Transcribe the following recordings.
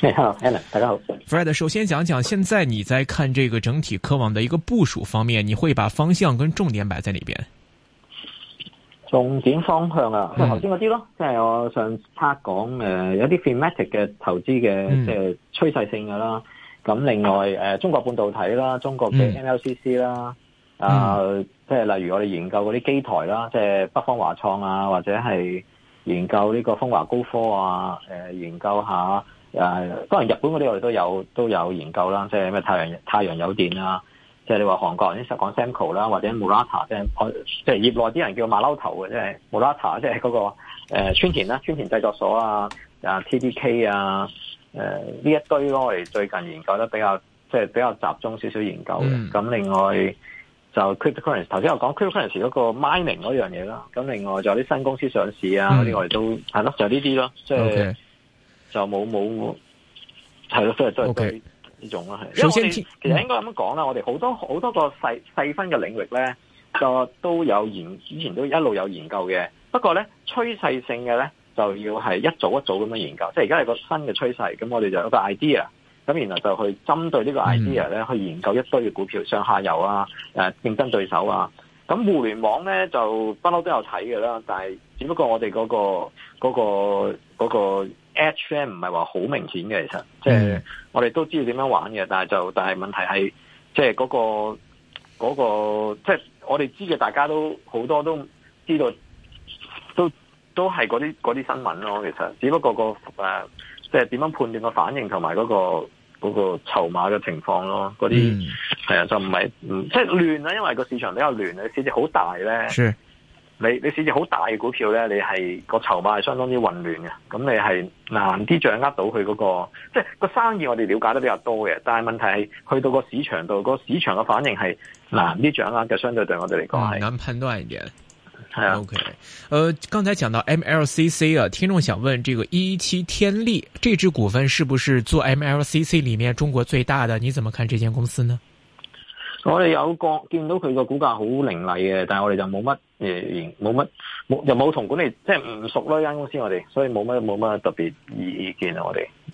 你 Hello, 好，Hello，Fred。Fred, 首先講講，現在你在看這個整體科網的一個部署方面，你會把方向跟重點擺在哪邊？重點方向啊，即頭先嗰啲咯，即係我上 part 講誒、呃，有啲 thematic 嘅投資嘅即係趨勢性噶啦。咁、嗯、另外誒、呃，中國半導體啦，中國嘅 MLCC 啦，啊，即係例如我哋研究嗰啲機台啦，即係北方華創啊，或者係研究呢個風華高科啊，誒、呃，研究一下。誒，當然日本嗰啲我哋都有都有研究啦，即係咩太陽太陽有電啊，即係你話韓國先講 s a m c o 啦，或者 Murata 即係即係業內啲人叫馬騮頭嘅，即係 Murata，即係嗰個誒村田啦、村田製作所啊、啊、T D K 啊，誒、呃、呢一堆咯、啊，我哋最近研究得比較即係比較集中少少研究嘅。咁、嗯、另外就 Cryptocurrency 頭先我講 Cryptocurrency 嗰個 mining 嗰樣嘢啦，咁另外就有啲新公司上市啊嗰啲，嗯、那我哋都係咯，嗯、就呢啲咯，即係。就冇冇係咯，即係都係呢種啦，係。Okay. 因為我哋其實應該咁樣講啦，我哋好多好多個細細分嘅領域咧，就都有研，以前都一路有研究嘅。不過咧，趨勢性嘅咧，就要係一早一早咁樣研究。即係而家係個新嘅趨勢，咁我哋就有一個 idea，咁然後就去針對呢個 idea 咧去研究一堆嘅股票、上下游啊、誒、啊、競爭對手啊。咁互聯網咧就不嬲都有睇嘅啦，但係只不過我哋嗰個個個。嗰個嗰個嗰個 Hm 唔係話好明顯嘅，其實是，即係我哋都知道點樣玩嘅，但係就但係問題係，即係、那、嗰個、那個，即係我哋知嘅，大家都好多都知道，都都係嗰啲啲新聞咯。其實，只不過、那個誒，即係點樣判斷個反應同埋嗰個嗰、那個籌碼嘅情況咯。嗰啲係啊，就唔係、嗯，即係亂啊，因為個市場比較亂啊，市值好大咧。你你市值好大嘅股票咧，你係、那個籌碼係相當之混亂嘅，咁你係難啲掌握到佢嗰、那個，即係個生意我哋了解得比較多嘅，但係問題係去到個市場度，個市場嘅反應係難啲掌握嘅，相對對我哋嚟講係。難、嗯、判斷一點係啊。OK，呃，剛才講到 MLCC 啊，聽眾想問，這個一、e、七天利這支股份是不是做 MLCC 裏面中國最大的？你怎麼看這間公司呢？我哋有個見到佢個股價好凌厲嘅，但係我哋就冇乜冇乜冇，又冇同管理，即係唔熟咯間公司，我哋所以冇乜冇乜特別意意見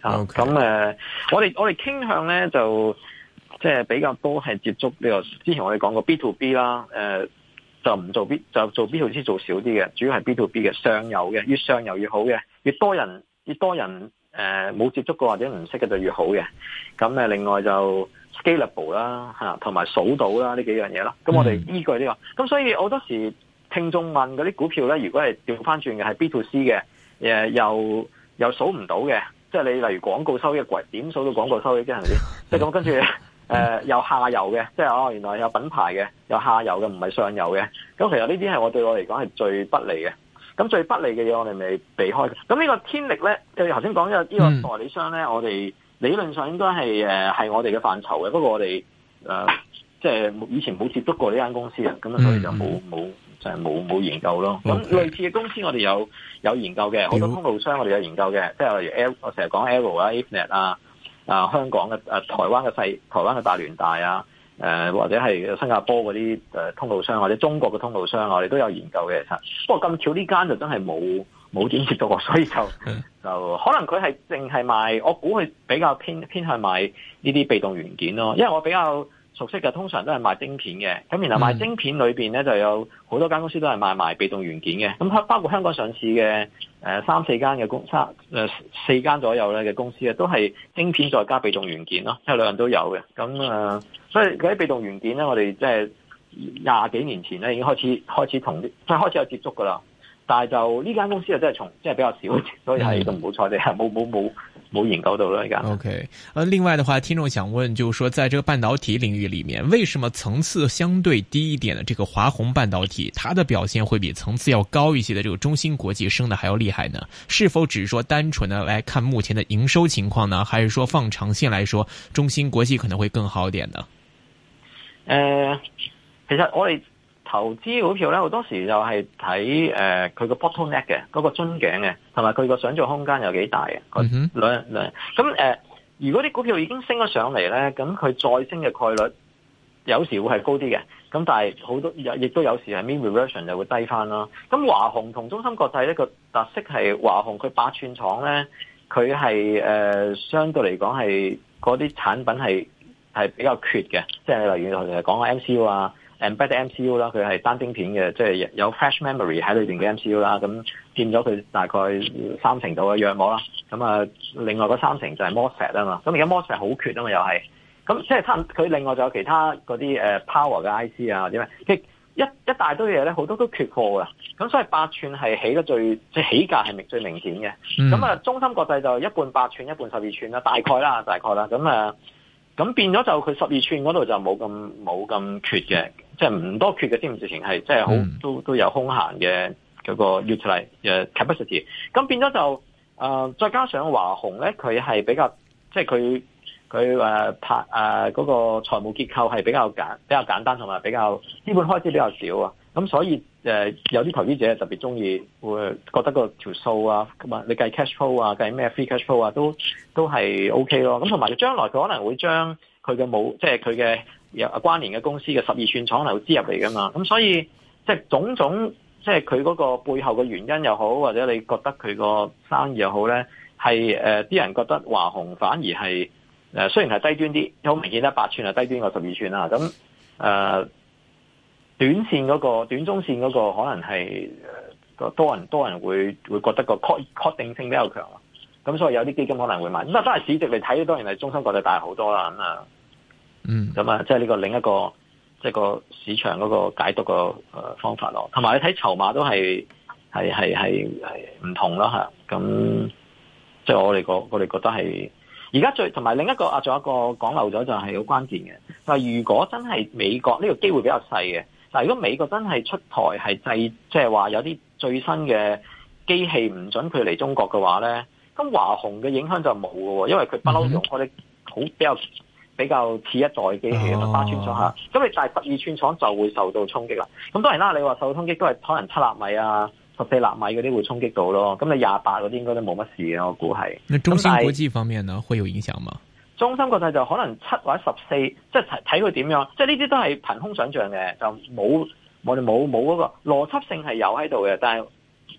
Okay. 啊，嗯、我哋咁我哋我哋傾向咧就即係、就是、比較多係接觸呢個之前我哋講過 B to B 啦、啊，就唔做 B 就做 B to C 做少啲嘅，主要係 B to B 嘅上游嘅，越上游越好嘅，越多人越多人冇、呃、接觸過或者唔識嘅就越好嘅，咁、嗯、另外就。f l a b l e 啦同埋數到啦呢幾樣嘢啦，咁我哋依據呢、呢個，咁、嗯、所以好多時聽眾問嗰啲股票呢，如果係調翻轉嘅係 B to C 嘅、呃，又又數唔到嘅，即係你例如廣告收益攰，點數到廣告收益啫係咪先？即係咁跟住誒、呃、又下游嘅，即係哦原來有品牌嘅，又下游嘅，唔係上游嘅，咁其實呢啲係我對我嚟講係最不利嘅，咁最不利嘅嘢我哋咪避開。咁呢個天力呢，就頭先講咗呢個呢個代理商呢，嗯、我哋。理論上應該係誒係我哋嘅範疇嘅，不過我哋誒、呃、即係以前冇接觸過呢間公司啊，咁所以就冇冇就係冇冇研究咯。咁 Okay. 類似嘅公司我哋有有研究嘅，好、嗯、多通路商我哋有研究嘅，即係例如 Arrow，我成日講 Arrow 啊、Avnet 啊、啊香港嘅、啊台灣嘅細、台灣嘅大聯大啊、誒、啊、或者係新加坡嗰啲誒通路商或者中國嘅通路商我哋都有研究嘅，不過咁巧呢間就真係冇。冇接到，所以就就可能佢係淨係賣，我估佢比較偏偏向賣呢啲被動元件咯。因為我比較熟悉嘅，通常都係賣晶片嘅，咁然後賣晶片裏面咧就有好多間公司都係賣賣被動元件嘅。咁包括香港上市嘅、呃、三四間嘅公司、呃，四間左右咧嘅公司都係晶片再加被動元件咯，即係兩樣都有嘅。咁誒，所以嗰啲被動元件咧，我哋即係廿幾年前咧已經開始開始同啲即係開始有接觸噶啦。但係就呢間公司啊，真係從即係比較少，所以係都唔好彩你冇冇冇冇研究到啦，而家。OK，呃，另外的話，聽眾想問，就是說，在這個半導體領域裏面，為什麼層次相對低一點的這個華虹半導體，它的表現會比層次要高一些的這個中芯國際升得還要厲害呢？是否只是說單純的來看目前的營收情況呢？還是說放長線來說，中芯國際可能會更好一點呢？呃、其實我哋。投資股票咧，好多時就係睇誒佢個 bottleneck 嘅嗰個樽頸嘅，同埋佢個想像空間有幾大嘅、mm hmm.。兩兩咁誒，如果啲股票已經升咗上嚟咧，咁佢再升嘅概率有時會係高啲嘅。咁但係好多亦都有時係 mean reversion 就會低翻咯。咁華虹同中芯國際呢個特色係華虹佢八寸廠咧，佢係誒相對嚟講係嗰啲產品係係比較缺嘅，即係例如我哋講嘅 MCU 啊。誒，Embedded 嘅 MCU 啦，佢係單晶片嘅，即係有 flash memory 喺裏邊嘅 MCU 啦，咁變咗佢大概三成度嘅樣模啦，咁啊，另外嗰三成就係 MOSFET 啊嘛，咁而家 MOSFET 好缺啊嘛，又係，咁即係差佢另外就有其他嗰啲誒 power 嘅 IC 啊或者咩，即係一一大堆嘢咧，好多都缺貨噶，咁所以八寸係起得最，即係起價係最明顯嘅，咁啊，中芯國際就一半八寸，一半十二寸啦，大概啦，大概啦，咁啊，咁變咗就佢十二寸嗰度就冇咁冇咁缺嘅。即係唔多缺嘅啲事情係，即係好都都有空閒嘅嗰、那個 utilized capacity，咁變咗就誒、呃，再加上華虹咧，佢係比較即係佢佢誒拍誒嗰個財務結構係比較簡比較簡單，同埋比較資本開支比較少啊。咁所以誒有啲投資者特別中意，會覺得個條數啊，咁啊，你計 cash flow 啊，計咩 free cash flow 啊，都都係 OK 咯。咁同埋佢將來佢可能會將佢嘅冇，即係佢嘅有關聯嘅公司嘅十二寸廠投資入嚟噶嘛。咁所以即係、就是、種種，即係佢嗰個背後嘅原因又好，或者你覺得佢個生意又好咧，係啲、呃、人覺得華虹反而係誒、呃、雖然係低端啲，好明顯咧，八寸係低端過十二寸啦。咁誒。呃短線嗰、嗰個、短中線嗰個，可能係、呃、多人、多人會會覺得個確確定性比較強，咁所以有啲基金可能會買。咁啊，都係市值嚟睇，當然係中芯國際大好多啦。咁啊，嗯，咁啊，即係呢個另一個，即係個市場嗰個解讀個、呃、方法咯。同埋你睇籌碼都係係係係係唔同啦嚇，咁即係我哋我哋覺得係而家最同埋另一個啊，仲有一個講漏咗就係好關鍵嘅。嗱、就係，如果真係美國呢、這個機會比較細嘅。嗱，但如果美國真係出台係制，即係話有啲最新嘅機器唔準佢嚟中國嘅話咧，咁華虹嘅影響就冇嘅喎，因為佢不嬲用開啲好比較比較次一代嘅機器嘅八寸、哦、大寸廠嚇，咁你但係十二寸廠就會受到衝擊啦。咁當然啦，你話受到衝擊都係可能七納米啊、十四納米嗰啲會衝擊到咯，咁你廿八嗰啲應該都冇乜事嘅，我估係。那中芯國際方面呢，但會有影響嗎？中芯國際就可能七或者十四，即係睇佢點樣，即係呢啲都係憑空想像嘅，就冇我哋冇冇嗰個邏輯性係有喺度嘅，但係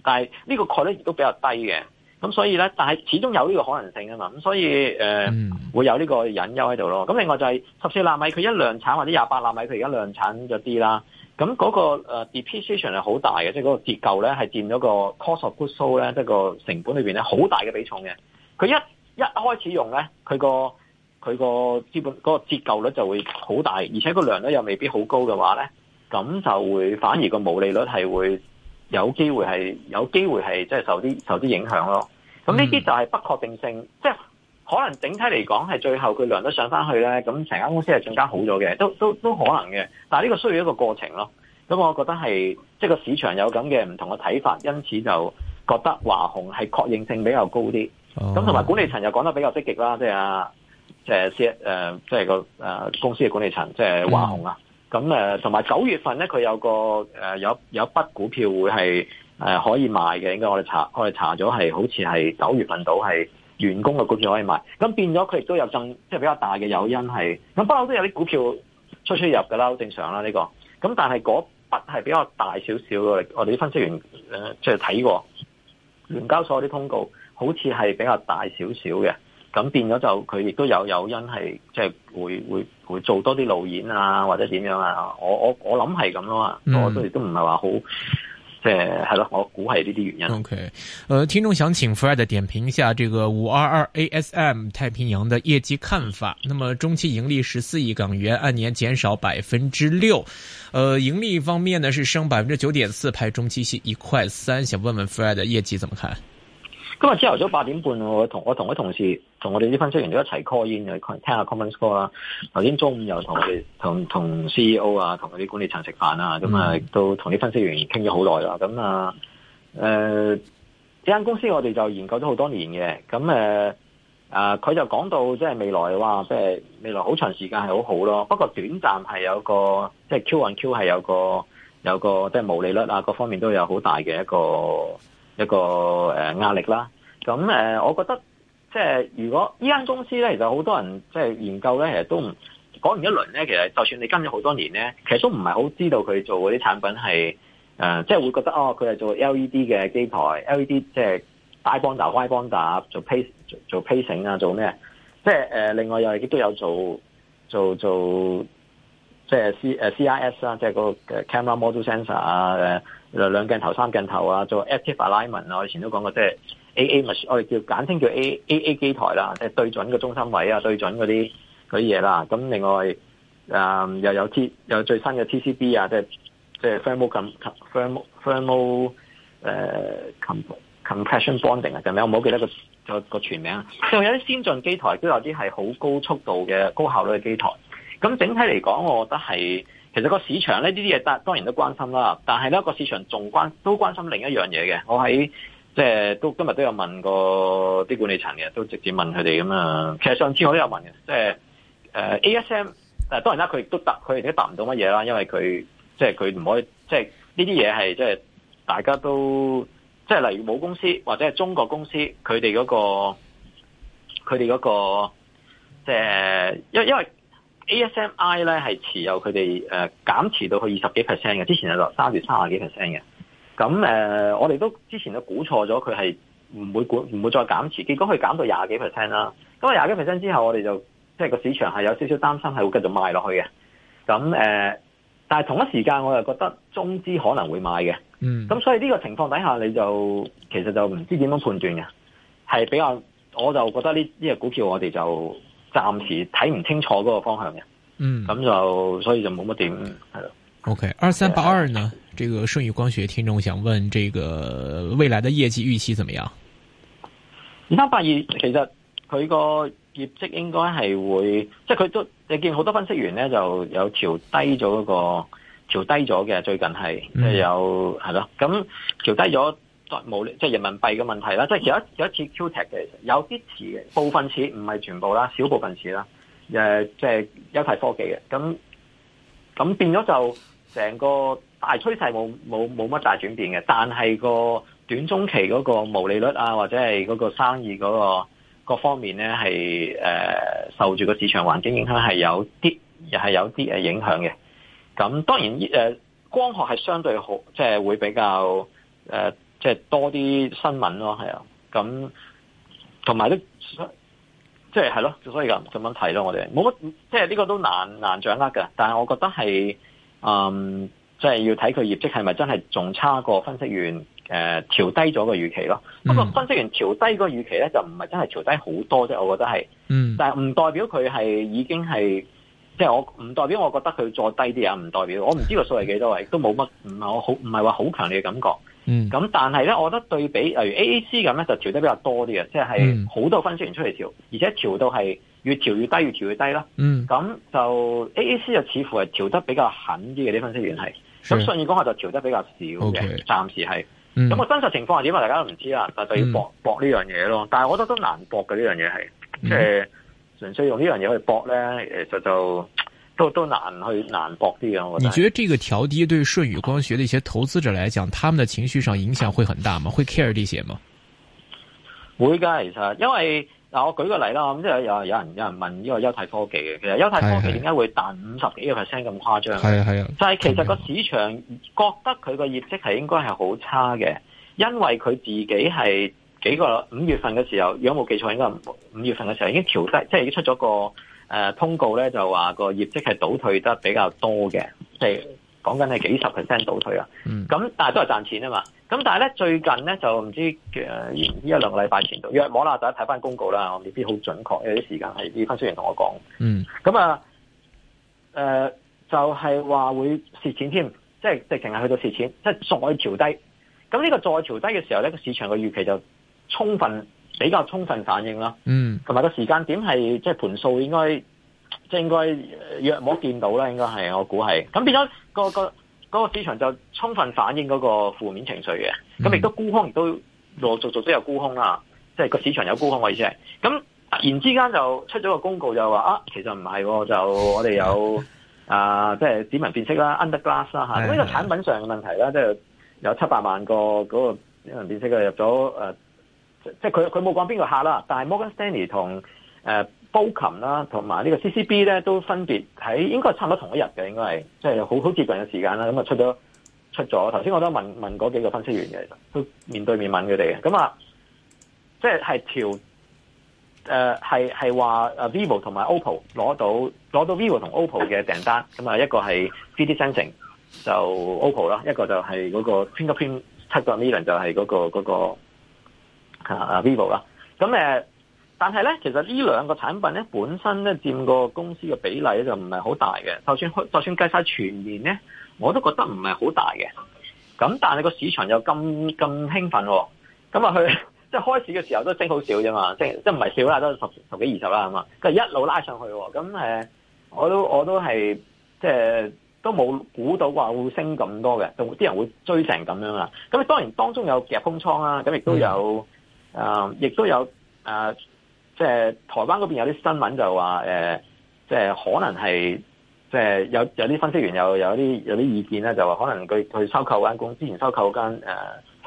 但係呢個概率亦都比較低嘅，咁所以咧，但係始終有呢個可能性啊嘛，咁所以誒、呃嗯、會有呢個隱憂喺度咯。咁另外就係十四納米，佢一量產或者廿八納米，佢而家量產咗啲啦，咁嗰個 depreciation 係好大嘅，即係嗰個結構咧係佔咗個 cost of goods sold 咧，即係個成本裏面咧好大嘅比重嘅。佢一一開始用咧，佢個佢個資本嗰個折舊率就會好大，而且個量咧又未必好高嘅話咧，咁就會反而個毛利率係會有機會係有機會係即係受啲受啲影響咯。咁呢啲就係不確定性，即係可能整體嚟講係最後佢量都上翻去咧，咁成間公司係更加好咗嘅，都都都可能嘅。但係呢個需要一個過程咯。咁我覺得係即係個市場有咁嘅唔同嘅睇法，因此就覺得華虹係確認性比較高啲。咁同埋管理層又講得比較積極啦，即係啊～即係先，誒、呃，即係個誒公司嘅管理層，即係華雄啊。咁誒，同埋九月份咧，佢有個誒有、呃、有一筆股票會係誒可以賣嘅。應該我哋查我哋查咗係，好似係九月份到係員工嘅股票可以賣。咁變咗佢亦都有增，即係比較大嘅誘因係。咁不過都有啲股票出出入噶啦，好正常啦，呢、這個。咁但係嗰筆係比較大少少。我哋啲分析員誒即係睇過，聯交所啲通告好似係比較大少少嘅。咁變咗就佢亦都有有因係即係會會會做多啲路演啊或者點樣啊，我我我諗係咁咯，我都亦都唔係話好即係係咯，我估係呢啲原因。OK，呃，聽眾想請 Fred 點評一下這個五二二 ASM 太平洋的業績看法。那麼中期盈利十四億港元，按年減少百分之六。呃，盈利方面呢是升百分之九點四，派中期息一塊三。想問問 Fred 的業績怎麼看？今日朝頭早八點半，我同我同啲同事，同我哋啲分析員都一齊 call in 聽下 conference call 啦。頭先中午又同我哋同同 C E O 啊，同佢啲管理層食飯啊。咁啊、嗯，都同啲分析員傾咗好耐啦。咁啊，誒、呃，呢間公司我哋就研究咗好多年嘅。咁誒啊，佢、呃呃、就講到即係未來嘅話，即係、就是、未來好長時間係好好咯。不過短暫係有個即係、就是、Q on Q 係有個有個即係毛利率啊，各方面都有好大嘅一個。一個、呃、壓力啦，咁誒、呃、我覺得即係如果依間公司咧，其實好多人即係研究咧，其實都唔講完一輪咧，其實就算你跟咗好多年咧，其實都唔係好知道佢做嗰啲產品係誒、呃，即係會覺得哦，佢係做 LED 嘅機台、嗯，LED 即係 die bonder、wire bonder 做 pacing、做 pacing 啊，做咩？即係誒、呃，另外又亦都有做做做，做即係 C、呃、CIS 啊，即係個 camera module sensor 啊兩鏡頭、三鏡頭啊，做 active alignment 啊，我以前都講過，即係 A A 咪我哋叫簡稱叫 A A A 機台啦，即係對準個中心位啊，對準嗰啲嗰啲嘢啦。咁另外、嗯，又有 T 又有最新嘅 T C B 啊、erm erm erm 呃，即係即係 thermal comp thermal thermal compression bonding 啊，咁樣我冇記得、嗰個嗰個全名啊。仲有啲先進機台都有啲係好高速度嘅高效率嘅機台。咁整體嚟講，我覺得係。其實個市場咧，呢啲嘢，當當然都關心啦。但係咧，個市場仲關都關心另一樣嘢嘅。我喺即係都今日都有問過啲管理層嘅，都直接問佢哋咁啊。其實上次我都有問嘅，即係誒、呃、ASM，但當然啦，佢亦都，都，都答，佢亦都答唔到乜嘢啦，因為佢即係佢唔可以，即係呢啲嘢係即係大家都即係例如母公司或者係中國公司，佢哋嗰個佢哋嗰個即係，因因為。因為 ASMI 咧係持有佢哋誒減持到去二十幾 percent 嘅，之前係三月三十幾 percent 嘅。咁誒、呃，我哋都之前都估錯咗佢係唔會唔會再減持，結果佢減到廿幾 percent 啦。咁廿幾 percent 之後我，我哋就即係個市場係有少少擔心係會繼續賣落去嘅。咁誒、呃，但係同一時間我又覺得中資可能會買嘅。嗯。咁所以呢個情況底下，你就其實就唔知點樣判斷嘅，係比較我就覺得呢呢、呢個股票我哋就。暫時睇唔清楚嗰個方向嘅，嗯，咁就所以就冇乜點係咯。OK，二三八二呢？的這個舜宇光學聽眾想問，這個未來的業績預期怎麼樣？二三八二其實佢個業績應該係會，即係佢都你見好多分析員咧就有調低咗嗰、那個調低咗嘅，最近係即係有係咯，咁調、嗯、低咗。冇即係人民幣嘅問題啦，即係有一有一次 QTEC 嘅，有啲似嘅，部分似唔係全部啦，少部分似啦。誒，即係一台科技嘅，咁咁變咗就成個大趨勢冇冇冇乜大轉變嘅，但係個短中期嗰個毛利率啊，或者係嗰個生意嗰、那個各方面咧，係誒、呃、受住個市場環境影響係有啲，又係有啲誒影響嘅。咁當然依、呃、光學係相對好，即、就、係、是、會比較誒。呃即係多啲新聞咯，係啊，咁同埋都即係係咯，所以咁咁樣睇咯，我哋冇乜，即係呢個都難難掌握㗎。但係我覺得係，嗯，即係要睇佢業績係咪真係仲差過分析員誒，呃，調低咗個預期咯。不過，mm. 分析員調低個預期咧，就唔係真係調低好多啫。我覺得係，嗯，mm. 但係唔代表佢係已經係，即係我唔代表我覺得佢再低啲啊。唔代表我唔知個數係幾多位，亦都冇乜，唔係我好唔係話好強烈嘅感覺。嗯，咁但係咧，我覺得對比例如 AAC 咁咧，就調得比較多啲嘅，即係好多分析員出嚟調，而且調到係越調越，越，越低，越調越低啦。嗯，咁就 AAC 就似乎係調得比較狠啲嘅啲分析員係，咁嗎信義講話就調得比較少嘅，暫 Okay, 時係。咁、嗯、個真實情況係點啊？大家都唔知啦，就就要搏搏呢樣嘢咯。但係我覺得都難搏嘅呢樣嘢係，即係純粹用呢樣嘢去搏咧，其實就。都，都難去難搏啲嘅，我覺得。你覺得這個調低對舜宇光學的一些投資者來講，他們的情緒上影響會很大嗎？會 care 這些嗎？會㗎，其實因為嗱，我舉個例啦，咁即係有有人有人問呢個優泰科技嘅，其實優泰科技點解會彈五十幾個 percent 咁誇張？係啊係啊，就係其實個市場覺得佢個業績係應該係好差嘅，因為佢自己係幾個五月份嘅時候，如果冇記錯應該五月份嘅時候已經調低，即係已經出咗個。誒通告咧就話個業績係倒退得比較多嘅，即係講緊係幾十 percent 倒退啊。咁、嗯、但係都係賺錢啊嘛。咁但係咧最近咧就唔知誒，呢、呃、一兩個禮拜前度約莫啦，大家睇翻公告啦。我未必好準確，有啲時間係啲分析員出嚟同我講。嗯。咁啊誒就係、是、話會蝕錢添，即係直情係去到蝕錢，即係再調低。咁呢個再調低嘅時候咧，個市場嘅預期就充分比較充分反映啦，嗯，同埋個時間點係即係盤數應該，應該若冇見到啦，應該係我估係，咁變咗、嗰個、嗰個、嗰個市場就充分反映嗰個負面情緒嘅，咁亦都沽空都陸陸續續都有沽空啦，即係個市場有沽空位置，咁突咁然之間就出咗個公告就話啊，其實唔係，就我哋有啊，即、就、係、是、指紋辨識啦，under glass 啦、啊、吓、咁、那、呢個產品上嘅問題啦，即、就、係、是、有七八萬個嗰個指紋辨識嘅入咗誒。呃即係佢佢冇講邊個客啦，但係 Morgan Stanley 同誒、呃、Bocom 啦，同埋呢個 CCB 咧都分別喺應該係差唔多同一日嘅，應該係即係好好接近嘅時間啦。咁、嗯、啊出咗出咗，頭先我都問問嗰幾個分析員嘅，都面對面問佢哋嘅。咁、嗯、啊，即係係調誒、呃、係係話 Vivo 同埋 OPPO 攞到攞到 Vivo 同 OPPO 嘅訂單，咁啊一個係 3D sensing，就 OPPO 啦，一個就係嗰個，個 fingerprint 七個 million 就係嗰個嗰個。那個啊，vivo 啦，咁誒，但係咧，其實呢兩個產品咧，本身咧佔個公司嘅比例就唔係好大嘅，就算就算計晒全年咧，我都覺得唔係好大嘅。咁但係個市場又咁咁興奮喎、哦，咁啊佢即係開市嘅時候都升好少啫嘛，即係即係唔係少啦，都十十幾二十啦咁啊，跟住一路拉上去喎、哦。咁我都我都係即係都冇估到話會升咁多嘅，同啲人會追成咁樣啊。咁當然當中有夾空倉啦咁亦都有。嗯啊，亦、嗯、都有啊、呃，即係台灣嗰邊有啲新聞就話，誒、呃，即係可能係，即係有有啲分析員又有啲有啲意見咧，就話可能佢去收購間公司，之前收購間誒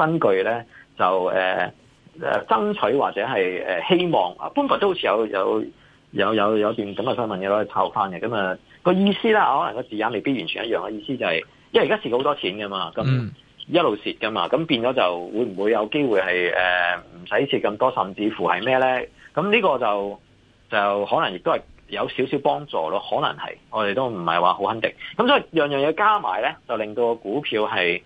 新巨咧，就誒誒、呃、爭取或者係誒希望，啊、嗯，潘都好似有有有有有段咁嘅新聞嘅攞去炒翻嘅，咁啊、那個意思啦，可能個字眼未必完全一樣，嘅意思就係、是，因為而家蝕好多錢嘅嘛，咁。嗯一路蝕㗎嘛，咁變咗就會唔會有機會係誒唔使蝕咁多，甚至乎係咩咧？咁呢個就就可能亦都係有少少幫助咯。可能係我哋都唔係話好肯定。咁所以樣樣嘢加埋咧，就令到個股票係，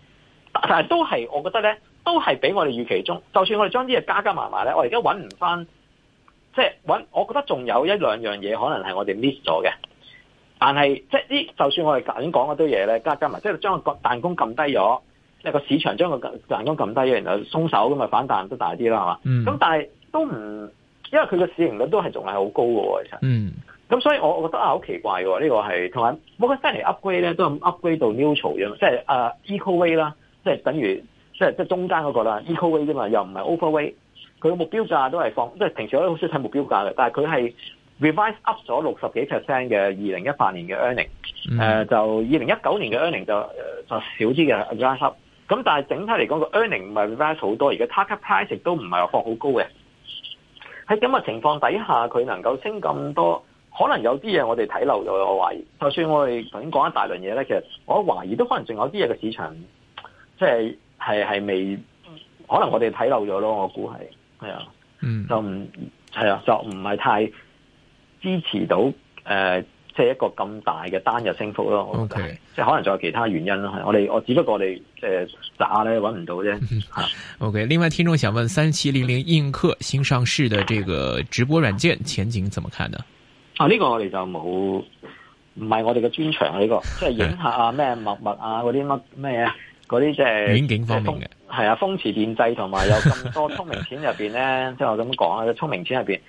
但但係都係我覺得咧，都係俾我哋預期中。就算我哋將啲嘢加加埋埋咧，我而家揾唔翻，即係揾。我覺得仲有一兩樣嘢可能係我哋 miss 咗嘅，但係即係呢，就算我哋頭先講嗰堆嘢咧，加加埋，即係將個彈弓撳低咗。你個市場將個賺金撳低，然後鬆手咁咪反彈得大啲啦，係嘛？咁、嗯、但係都唔，因為佢個市盈率都係仲係好高嘅喎，其實。咁、嗯、所以我覺得啊好奇怪嘅喎，呢、這個係同埋 Morgan Stanley upgrade 咧都咁 upgrade 到 neutral 嘅、uh,，即係啊 equal weight 啦，即係等於即係即係中間嗰個啦，equal weight 啫嘛，又唔係 overweight。佢嘅目標價都係放，即係平時我都好少睇目標價嘅，但係佢係 revise up 咗六十幾 percent 嘅二零一八年嘅 earning，誒、嗯呃、就二零一九年嘅 earning 就就少啲嘅咁但係整體嚟講個 earning 唔係 rise 好多，而家 target price 亦都唔係話放好高嘅。喺咁嘅情況底下，佢能夠升咁多，可能有啲嘢我哋睇漏咗。我懷疑，就算我哋頭先講一大輪嘢咧，其實我懷疑都可能仲有啲嘢嘅市場，即係係係未可能我哋睇漏咗咯。我估係係啊，嗯，就唔係啊，就唔係太支持到誒。即係一個咁大嘅單日升幅咯，Okay. 即係可能仲有其他原因啦。我哋我只不過你即係砸咧揾唔到啫。O K，另外聽眾想問三七零零映客新上市嘅這個直播軟件前景怎麼看呢？啊，呢、這個我哋就冇，唔係我哋嘅專長呢、這個，即係影客啊咩陌陌啊嗰啲乜咩嗰啲即係遠景方面嘅係啊，風馳電掣同埋有咁多聰明錢入邊咧， 即係我咁講啊，嘅聰明錢入邊。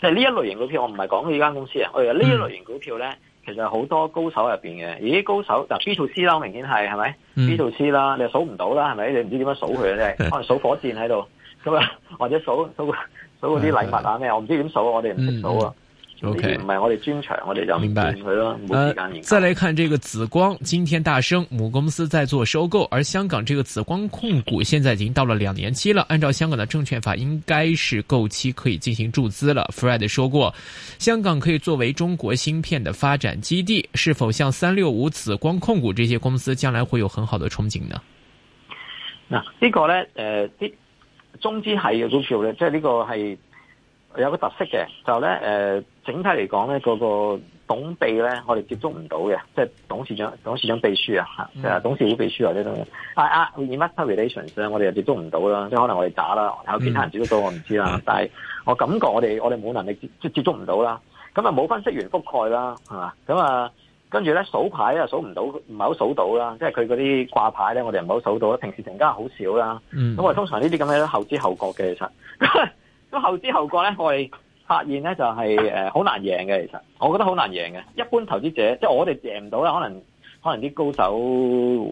即係呢一類型股票，我唔係講呢間公司啊。我哋呢一類型股票咧，其實好多高手入邊嘅。咦，啲高手，嗱 B to C 啦，明顯係係咪？B to C 啦，你數唔到啦，係咪？你唔知點樣數佢啊，即係 可能數火箭喺度，咁啊，或者數數數嗰啲禮物啊咩？ 我唔知點數，我哋唔識數啊。嗯 OK，唔係我哋專長，明白我哋就唔見、啊啊、再來看這個紫光，今天大升，母公司在做收購，而香港這個紫光控股現在已經到了兩年期了，按照香港的證券法，應該是夠期可以進行注資了。Fred 說過，香港可以作為中國芯片的發展基地，是否像三六五、紫光控股這些公司將來會有很好的憧憬呢？嗱呢個呢，誒、呃，啲中資係有中條咧，即係呢個係。這個是有個特色嘅，就咧、呃、整體嚟講咧，嗰個董秘咧，我哋接觸唔到嘅，即係董事長、董事長秘書、嗯、董事長秘書啊，嚇，董事會秘書呀呢種，啊啊，investor relations 咧，我哋又接觸唔到啦，即係可能我哋打啦，有其他人接觸到我唔知啦，嗯嗯、但係我感覺我哋我哋冇能力接接觸唔到啦，咁啊冇分析員覆蓋啦，係嘛？咁啊跟住咧數牌又數唔到，唔係好數到啦，即係佢嗰啲掛牌咧，我哋唔好數到啦，平時成交好少啦，咁、嗯、我哋通常呢啲咁嘅都樣後知後覺嘅其實。 後知後覺咧，我哋發現咧就係誒好難贏嘅，其實我覺得好難贏嘅。一般投資者即係我哋贏唔到啦，可能可能啲高手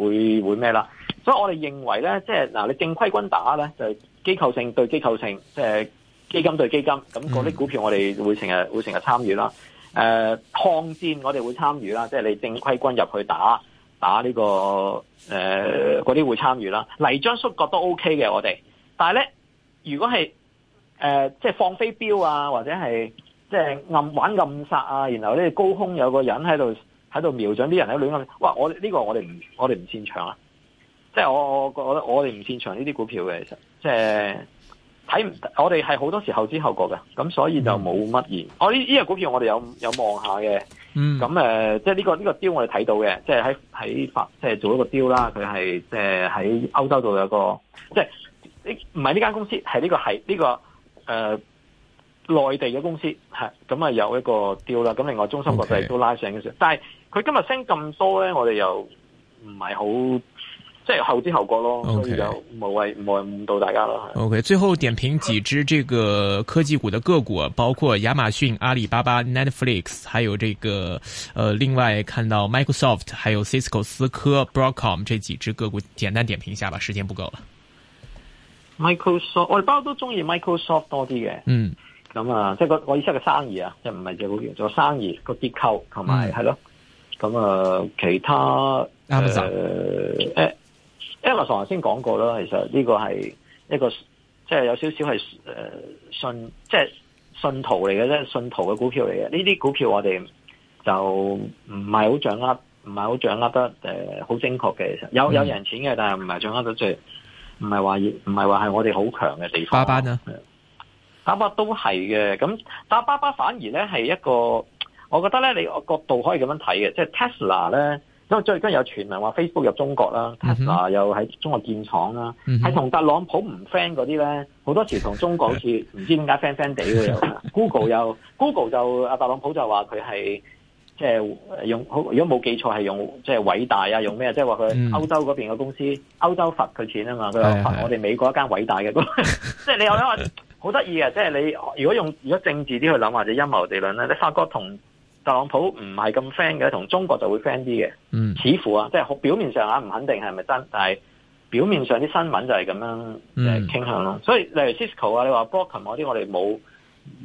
會會咩啦。所以我哋認為咧，即係嗱，你正規軍打咧，就係機構性對機構性，即係基金對基金。咁嗰啲股票我哋會成日會成日參與啦。誒、嗯，抗、呃、戰我哋會參與啦，即係你正規軍入去打打呢、這個誒嗰啲會參與啦。泥漿摔角都 OK 嘅，我哋。但係咧，如果係。誒、呃，即係放飛鏢啊，或者係即係暗玩暗殺啊，然後咧高空有個人喺度喺度瞄準啲人喺度亂咁，哇！我呢、這個我哋唔我哋唔擅長啊，即係我我得我哋唔擅長呢啲股票嘅，其實即係睇唔，我哋係好多時候知後覺嘅。咁所以就冇乜嘢。我呢呢隻股票我哋有有望下嘅，咁誒、嗯，即係、這、呢個呢、這個雕我哋睇到嘅，即係喺喺法即係做一個雕啦，佢係即係喺歐洲度有個即係呢唔係呢間公司，係呢個係呢個。誒、呃，內地嘅公司係咁啊，有一個掉啦，咁另外中心國際都拉上嘅時候，Okay. 但係佢今日升咁多咧，我哋又唔係好即係後知後覺咯，Okay. 所以就冇謂冇謂誤導大家囉。OK，最後點評幾支這個科技股的個股，包括亞馬遜、阿里巴巴、Netflix，還有這個誒、呃，另外看到 Microsoft，還有 Cisco 思科、Broadcom 這幾支個股，簡單點評一下吧，時間不夠了。Microsoft，我哋包都都中意 Microsoft 多啲嘅。嗯，咁啊，即係個我意思係個生意啊，即係唔係隻股票，做生意個結構同埋係咯。咁啊是，其他，Alex，誒頭先講過啦，其實呢個係一個即係有少少係誒、呃、信，即係信徒嚟嘅啫。信徒嘅股票嚟嘅。呢啲股票我哋就唔係好掌握，唔係好掌握得誒好精確嘅。其實有有人錢嘅，但係唔係掌握得最。嗯唔係話唔係話係我哋好強嘅地方，巴，啊、巴巴呢？阿巴都係嘅，咁但係巴巴反而咧係一個，我覺得咧你個角度可以咁樣睇嘅，即係 Tesla 咧，因為最近有傳聞話 Facebook 入中國啦，Tesla、嗯、哼又喺中國建廠啦，係同、嗯、哼特朗普唔 friend 嗰啲咧，好多時同中國好似唔知為點解 friend friend 地嘅，Google 又 Google 就阿特朗普就話佢係。即係用好，如果冇記錯係用即係偉大啊，用咩？即係話佢歐洲嗰邊嘅公司，嗯、歐洲罰佢錢啊嘛。佢罰我哋美國一間偉大嘅，公司。即係你我覺得好得意嘅。即係你如果用如果政治啲去諗或者陰謀地論咧，你發覺同特朗普唔係咁 friend 嘅，同中國就會 friend 啲嘅。嗯、似乎啊，即係表面上啊，唔肯定係咪真，但係表面上啲新聞就係咁樣嘅、嗯 uh, 傾向咯、啊。所以例如 Cisco 啊，你話 Broadcom 嗰啲，我哋冇，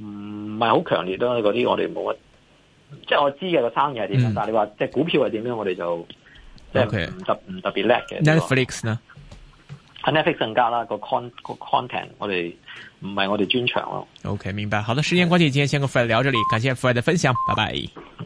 唔係好強烈咯。嗰啲我哋冇啊。即係我知嘅個生意係點樣，嗯、但係你話即係股票係點樣，我哋就即係唔特唔特別叻嘅。Netflix 呢？係 Netflix 更加啦，個 con 個 content 我哋唔係我哋專長咯。OK，明白。好的，時間關係，今天先跟 Freddie 聊這裏，感謝 Freddie 的分享，拜拜。